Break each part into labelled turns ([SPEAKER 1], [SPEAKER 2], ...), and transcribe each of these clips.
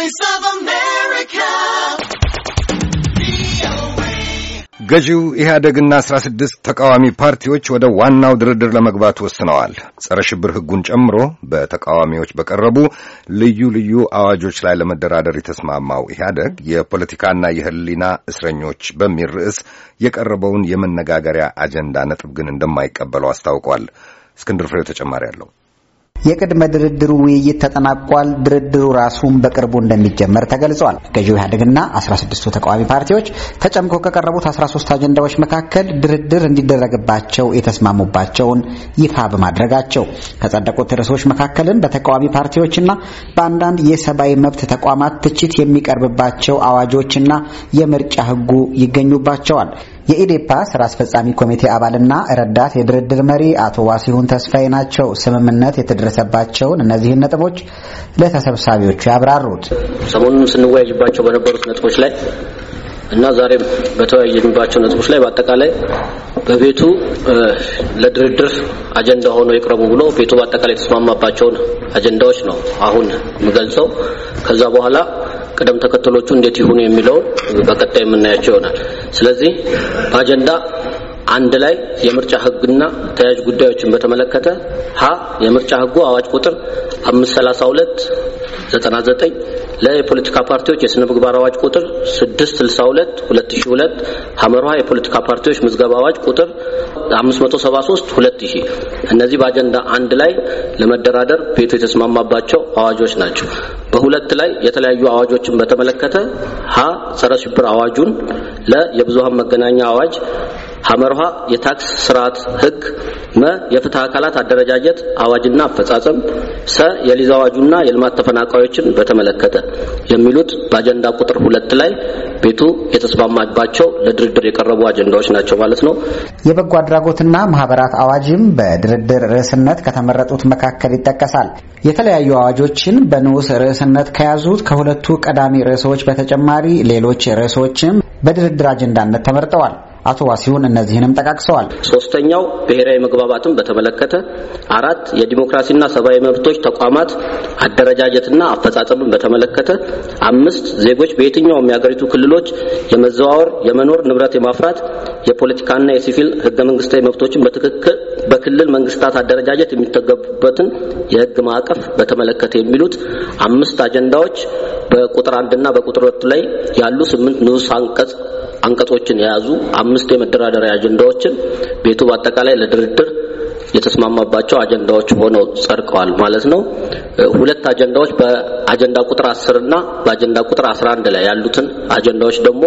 [SPEAKER 1] Voice of America.
[SPEAKER 2] ገዢው ኢህአደግና አስራ ስድስት ተቃዋሚ ፓርቲዎች ወደ ዋናው ድርድር ለመግባት ወስነዋል። ጸረ ሽብር ሕጉን ጨምሮ በተቃዋሚዎች በቀረቡ ልዩ ልዩ አዋጆች ላይ ለመደራደር የተስማማው ኢህአደግ የፖለቲካና የህሊና እስረኞች በሚል ርዕስ የቀረበውን የመነጋገሪያ አጀንዳ ነጥብ ግን እንደማይቀበለው አስታውቋል። እስክንድር ፍሬው ተጨማሪ አለው።
[SPEAKER 1] የቅድመ ድርድሩ ውይይት ተጠናቋል። ድርድሩ ራሱን በቅርቡ እንደሚጀመር ተገልጿል። ገዢው ኢህአዴግና 16ቱ ተቃዋሚ ፓርቲዎች ተጨምቆ ከቀረቡት 13 አጀንዳዎች መካከል ድርድር እንዲደረግባቸው የተስማሙባቸውን ይፋ በማድረጋቸው ከጸደቁት ርዕሶች መካከልም በተቃዋሚ ፓርቲዎችና በአንዳንድ የሰብአዊ መብት ተቋማት ትችት የሚቀርብባቸው አዋጆችና የምርጫ ህጉ ይገኙባቸዋል። የኢዴፓ ስራ አስፈጻሚ ኮሚቴ አባልና ረዳት የድርድር መሪ አቶ ዋሲሁን ተስፋዬ ናቸው። ስምምነት የተደረሰባቸውን እነዚህን ነጥቦች ለተሰብሳቢዎቹ ያብራሩት
[SPEAKER 2] ሰሞኑን ስንወያይባቸው በነበሩት ነጥቦች ላይ እና ዛሬም በተወያየንባቸው ነጥቦች ላይ በአጠቃላይ በቤቱ ለድርድር አጀንዳ ሆኖ ይቅረቡ ብሎ ቤቱ በአጠቃላይ የተስማማባቸውን አጀንዳዎች ነው አሁን የምገልጸው። ከዛ በኋላ ቅደም ተከተሎቹ እንዴት ይሁኑ የሚለውን በቀጣይ የምናያቸው ይሆናል። ስለዚህ አጀንዳ አንድ ላይ የምርጫ ህግና ተያያዥ ጉዳዮችን በተመለከተ ሀ የምርጫ ህጉ አዋጅ ቁጥር 532 99 ለየፖለቲካ ፓርቲዎች የስነ ምግባር አዋጅ ቁጥር 662 2002 ሐመር የፖለቲካ ፓርቲዎች ምዝገባ አዋጅ ቁጥር 573 2000 እነዚህ በአጀንዳ አንድ ላይ ለመደራደር ቤቱ የተስማማባቸው አዋጆች ናቸው። በሁለት ላይ የተለያዩ አዋጆችን በተመለከተ ሀ ጸረ ሽብር አዋጁን ለ የብዙሃን መገናኛ አዋጅ ሐመርሃ የታክስ ስርዓት ህግ መ የፍትህ አካላት አደረጃጀት አዋጅና አፈጻጸም ሰ የሊዝ አዋጁና የልማት ተፈናቃዮችን በተመለከተ የሚሉት በአጀንዳ ቁጥር ሁለት ላይ ቤቱ የተስማማባቸው ለድርድር የቀረቡ አጀንዳዎች ናቸው ማለት ነው።
[SPEAKER 1] የበጎ አድራጎትና ማህበራት አዋጅም በድርድር ርዕስነት ከተመረጡት መካከል ይጠቀሳል። የተለያዩ አዋጆችን በንዑስ ርዕስነት ከያዙት ከሁለቱ ቀዳሚ ርዕሶች በተጨማሪ ሌሎች ርዕሶችም በድርድር አጀንዳነት ተመርጠዋል። አቶ ዋሲሁን እነዚህንም ጠቃቅሰዋል።
[SPEAKER 2] ሶስተኛው ብሔራዊ መግባባትን በተመለከተ፣ አራት የዲሞክራሲና ሰብአዊ መብቶች ተቋማት አደረጃጀትና አፈጻጸምን በተመለከተ፣ አምስት ዜጎች በየትኛውም የሀገሪቱ ክልሎች የመዘዋወር የመኖር፣ ንብረት የማፍራት የፖለቲካና የሲቪል ህገ መንግስታዊ መብቶችን በትክክል በክልል መንግስታት አደረጃጀት የሚተገቡበትን የህግ ማዕቀፍ በተመለከተ የሚሉት አምስት አጀንዳዎች በቁጥር አንድና በቁጥር ሁለት ላይ ያሉ ስምንት ንዑስ አንቀጽ አንቀጾችን የያዙ አምስት የመደራደሪያ አጀንዳዎችን ቤቱ በአጠቃላይ ለድርድር የተስማማባቸው አጀንዳዎች ሆነው ጸድቀዋል ማለት ነው። ሁለት አጀንዳዎች በአጀንዳ ቁጥር 10 እና በአጀንዳ ቁጥር 11 ላይ ያሉትን አጀንዳዎች ደግሞ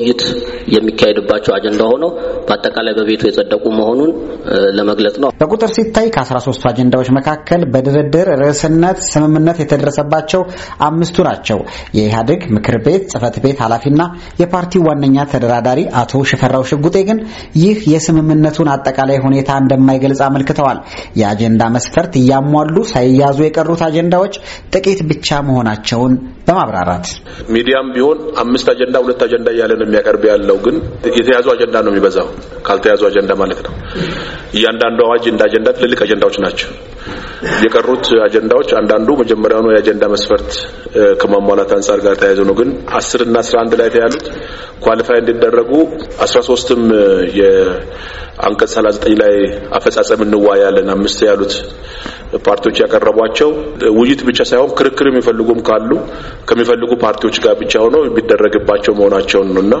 [SPEAKER 2] ውይይት የሚካሄድባቸው አጀንዳ ሆኖ በአጠቃላይ በቤቱ የጸደቁ መሆኑን ለመግለጽ ነው። በቁጥር
[SPEAKER 1] ሲታይ ከ 13 አጀንዳዎች መካከል በድርድር ርዕስነት ስምምነት የተደረሰባቸው አምስቱ ናቸው። የኢህአዴግ ምክር ቤት ጽህፈት ቤት ኃላፊና የፓርቲው ዋነኛ ተደራዳሪ አቶ ሽፈራው ሽጉጤ ግን ይህ የስምምነቱን አጠቃላይ ሁኔታ እንደማይገልጽ አመልክተዋል። የአጀንዳ መስፈርት እያሟሉ ሳይያዙ የቀሩት አጀንዳዎች ጥቂት ብቻ መሆናቸውን በማብራራት
[SPEAKER 3] ሚዲያም ቢሆን አምስት አጀንዳ ሁለት አጀንዳ እያለ ነው የሚያቀርብ ያለው ግን የተያዙ አጀንዳ ነው የሚበዛው፣ ካልተያዙ አጀንዳ ማለት ነው። እያንዳንዱ አዋጅ እንደ አጀንዳ ትልልቅ አጀንዳዎች ናቸው። የቀሩት አጀንዳዎች አንዳንዱ መጀመሪያውኑ የአጀንዳ መስፈርት ከማሟላት አንጻር ጋር ተያይዞ ነው። ግን አስር እና አስራ አንድ ላይ ተያሉት ኳሊፋይ እንዲደረጉ አስራ ሶስትም የአንቀጽ ሰላሳ ዘጠኝ ላይ አፈጻጸም እንዋያለን አምስት ያሉት ፓርቲዎች ያቀረቧቸው ውይይት ብቻ ሳይሆን ክርክር የሚፈልጉም ካሉ ከሚፈልጉ ፓርቲዎች ጋር ብቻ ሆኖ የሚደረግባቸው መሆናቸውን ነው እና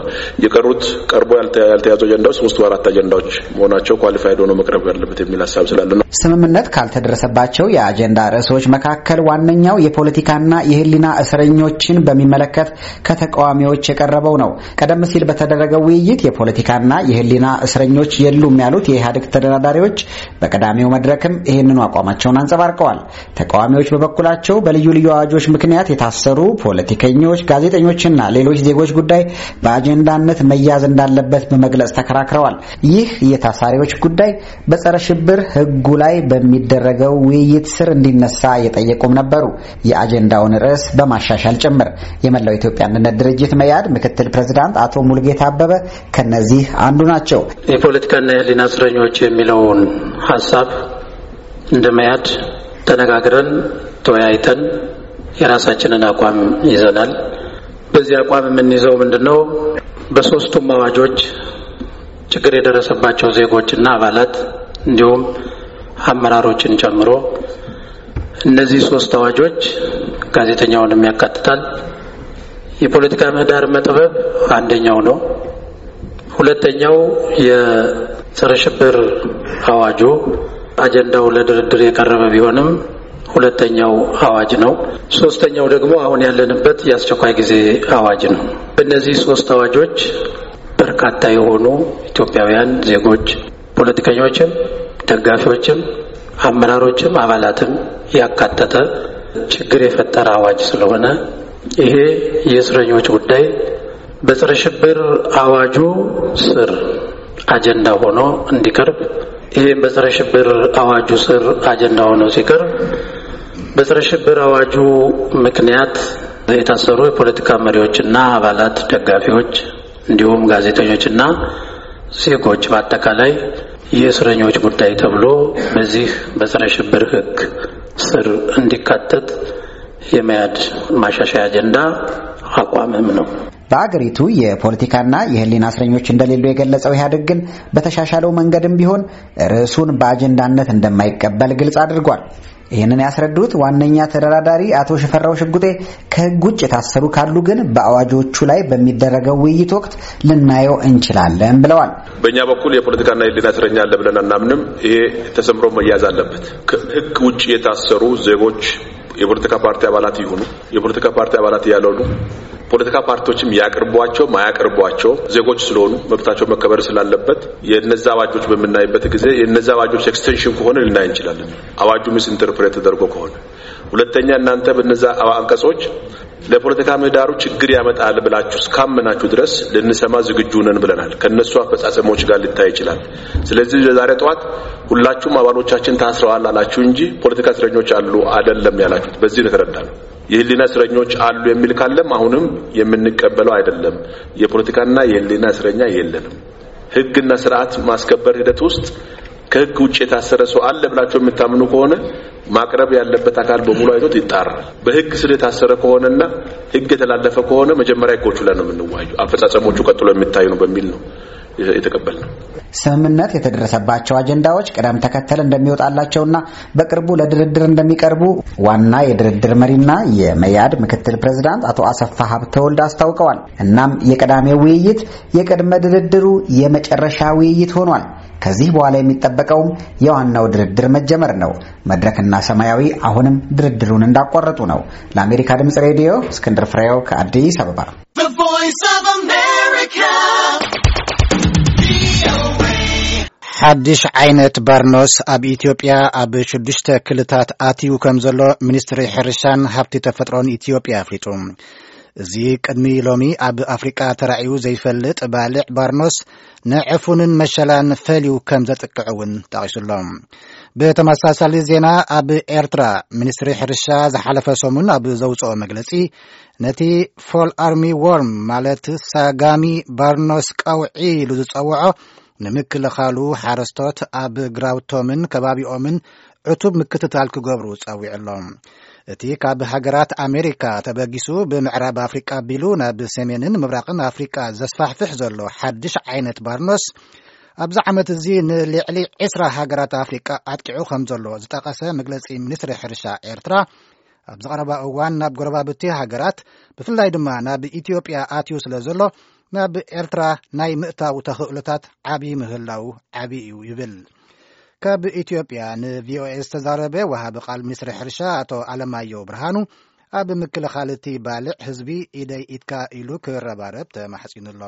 [SPEAKER 3] የቀሩት ቀርቦ ያልተያዙ አጀንዳዎች ሶስት አራት አጀንዳዎች መሆናቸው ኳሊፋይድ ሆኖ መቅረብ ያለበት የሚል ሀሳብ ስላለ ነው።
[SPEAKER 1] ስምምነት ካልተደረሰባቸው የአጀንዳ ርዕሶች መካከል ዋነኛው የፖለቲካና የህሊና እስረኞችን በሚመለከት ከተቃዋሚዎች የቀረበው ነው። ቀደም ሲል በተደረገው ውይይት የፖለቲካና የህሊና እስረኞች የሉም ያሉት የኢህአዴግ ተደራዳሪዎች በቀዳሚው መድረክም ይህንኑ አቋማቸውን አቋም አንጸባርቀዋል። ተቃዋሚዎች በበኩላቸው በልዩ ልዩ አዋጆች ምክንያት የታሰሩ ፖለቲከኞች፣ ጋዜጠኞችና ሌሎች ዜጎች ጉዳይ በአጀንዳነት መያዝ እንዳለበት በመግለጽ ተከራክረዋል። ይህ የታሳሪዎች ጉዳይ በጸረ ሽብር ሕጉ ላይ በሚደረገው ውይይት ስር እንዲነሳ የጠየቁም ነበሩ። የአጀንዳውን ርዕስ በማሻሻል ጭምር የመላው ኢትዮጵያ አንድነት ድርጅት መያድ ምክትል ፕሬዝዳንት አቶ ሙልጌታ አበበ ከነዚህ አንዱ ናቸው።
[SPEAKER 4] የፖለቲካና የህሊና እስረኞች የሚለውን ሀሳብ እንደ መያድ ተነጋግረን ተወያይተን የራሳችንን አቋም ይዘናል። በዚህ አቋም የምንይዘው ምንድን ነው? በሶስቱም አዋጆች ችግር የደረሰባቸው ዜጎችና አባላት እንዲሁም አመራሮችን ጨምሮ እነዚህ ሶስት አዋጆች ጋዜጠኛውንም ያካትታል። የፖለቲካ ምህዳር መጥበብ አንደኛው ነው። ሁለተኛው የጸረ ሽብር አዋጁ አጀንዳው ለድርድር የቀረበ ቢሆንም ሁለተኛው አዋጅ ነው። ሶስተኛው ደግሞ አሁን ያለንበት የአስቸኳይ ጊዜ አዋጅ ነው። በእነዚህ ሶስት አዋጆች በርካታ የሆኑ ኢትዮጵያውያን ዜጎች ፖለቲከኞችም፣ ደጋፊዎችም፣ አመራሮችም አባላትም ያካተተ ችግር የፈጠረ አዋጅ ስለሆነ ይሄ የእስረኞች ጉዳይ በጸረ ሽብር አዋጁ ስር አጀንዳ ሆኖ እንዲቀርብ ይህም በጸረ ሽብር አዋጁ ስር አጀንዳ ሆኖ ሲቀርብ በጸረ ሽብር አዋጁ ምክንያት የታሰሩ የፖለቲካ መሪዎችና አባላት፣ ደጋፊዎች እንዲሁም ጋዜጠኞችና ዜጎች በአጠቃላይ የእስረኞች ጉዳይ ተብሎ በዚህ በጸረ ሽብር ሕግ ስር እንዲካተት የመያድ ማሻሻያ አጀንዳ አቋምም ነው።
[SPEAKER 1] በአገሪቱ የፖለቲካና የሕሊና እስረኞች እንደሌሉ የገለጸው ኢህአዴግ ግን በተሻሻለው መንገድም ቢሆን ርዕሱን በአጀንዳነት እንደማይቀበል ግልጽ አድርጓል። ይህንን ያስረዱት ዋነኛ ተደራዳሪ አቶ ሽፈራው ሽጉጤ ከህግ ውጭ የታሰሩ ካሉ ግን በአዋጆቹ ላይ በሚደረገው ውይይት ወቅት ልናየው እንችላለን ብለዋል።
[SPEAKER 3] በእኛ በኩል የፖለቲካና የህሊና እስረኛ አለ ብለን አናምንም። ይሄ ተሰምሮ መያዝ አለበት። ከህግ ውጭ የታሰሩ ዜጎች የፖለቲካ ፓርቲ አባላት ይሁኑ የፖለቲካ ፓርቲ አባላት ያልሆኑ ፖለቲካ ፓርቲዎችም ያቅርቧቸው ማያቅርቧቸው ዜጎች ስለሆኑ መብታቸው መከበር ስላለበት የነዛ አዋጆች በምናይበት ጊዜ የነዛ አዋጆች ኤክስቴንሽን ከሆነ ልናይ እንችላለን። አዋጁ ምስ ኢንተርፕሬት ተደርጎ ከሆነ ሁለተኛ እናንተ በነዛ አንቀጾች ለፖለቲካ ምህዳሩ ችግር ያመጣል ብላችሁ እስካመናችሁ ድረስ ልንሰማ ዝግጁ ነን ብለናል። ከእነሱ አፈጻጸሞች ጋር ሊታይ ይችላል። ስለዚህ ለዛሬ ጠዋት ሁላችሁም አባሎቻችን ታስረዋል አላችሁ እንጂ ፖለቲካ እስረኞች አሉ አይደለም ያላችሁት በዚህ ነው የተረዳነው። የህሊና እስረኞች አሉ የሚል ካለም አሁንም የምንቀበለው አይደለም። የፖለቲካና የህሊና እስረኛ የለንም። ህግና ስርዓት ማስከበር ሂደት ውስጥ ከህግ ውጭ የታሰረ ሰው አለ ብላቸው የምታምኑ ከሆነ ማቅረብ ያለበት አካል በሙሉ አይቶት ይጣራ። በህግ ስር የታሰረ ከሆነና ህግ የተላለፈ ከሆነ መጀመሪያ ህጎቹ ላይ ነው የምንዋዩ፣ አፈጻጸሞቹ ቀጥሎ የሚታዩ ነው በሚል ነው የተቀበል ነው።
[SPEAKER 1] ስምምነት የተደረሰባቸው አጀንዳዎች ቅደም ተከተል እንደሚወጣላቸውና በቅርቡ ለድርድር እንደሚቀርቡ ዋና የድርድር መሪና የመያድ ምክትል ፕሬዝዳንት አቶ አሰፋ ሀብተወልድ አስታውቀዋል። እናም የቅዳሜው ውይይት የቅድመ ድርድሩ የመጨረሻ ውይይት ሆኗል። ከዚህ በኋላ የሚጠበቀውም የዋናው ድርድር መጀመር ነው። መድረክና ሰማያዊ አሁንም ድርድሩን እንዳቋረጡ ነው። ለአሜሪካ ድምፅ ሬዲዮ
[SPEAKER 5] እስክንድር ፍሬው ከአዲስ አበባ ሓድሽ ዓይነት ባርኖስ ኣብ ኢትዮጵያ ኣብ ሽዱሽተ ክልታት ኣትዩ ከም ዘሎ ሚኒስትሪ ሕርሻን ሃብቲ ተፈጥሮን ኢትዮጵያ ኣፍሊጡ እዚ ቅድሚ ሎሚ ኣብ ኣፍሪቃ ተራእዩ ዘይፈልጥ ባልዕ ባርኖስ ንዕፉንን መሸላን ፈልዩ ከም ዘጥቅዕ እውን ጠቒሱሎም ብተመሳሳሊ ዜና ኣብ ኤርትራ ሚኒስትሪ ሕርሻ ዝሓለፈ ሰሙን ኣብ ዘውፅኦ መግለጺ ነቲ ፎል ኣርሚ ዎርም ማለት ሳጋሚ ባርኖስ ቀውዒ ኢሉ ዝጸውዖ ንምክልኻሉ ሓረስቶት ኣብ ግራውቶምን ከባቢኦምን ዕቱብ ምክትታል ክገብሩ ፀዊዕሎም እቲ ካብ ሃገራት ኣሜሪካ ተበጊሱ ብምዕራብ ኣፍሪቃ ኣቢሉ ናብ ሰሜንን ምብራቕን ኣፍሪቃ ዘስፋሕፍሕ ዘሎ ሓድሽ ዓይነት ባርኖስ ኣብዚ ዓመት እዚ ንልዕሊ 2ስራ ሃገራት ኣፍሪቃ ኣጥቂዑ ከም ዘሎ ዝጠቐሰ መግለፂ ሚንስትሪ ሕርሻ ኤርትራ ኣብዚ ቀረባ እዋን ናብ ጎረባብቲ ሃገራት ብፍላይ ድማ ናብ ኢትዮጵያ ኣትዩ ስለ ዘሎ ናብ ኤርትራ ናይ ምእታዊ ተኽእሎታት ዓብዪ ምህላው ዓብዪ እዩ ይብል ካብ ኢትዮጵያ ን ቪኦኤ ዝተዛረበ ወሃቢ ቓል ሚኒስትሪ ሕርሻ ኣቶ ኣለማዮ ብርሃኑ ኣብ ምክልኻል ቲ ባልዕ ህዝቢ ኢደይ ኢትካ ኢሉ ክብረባረብ ተማሕጺኑሎ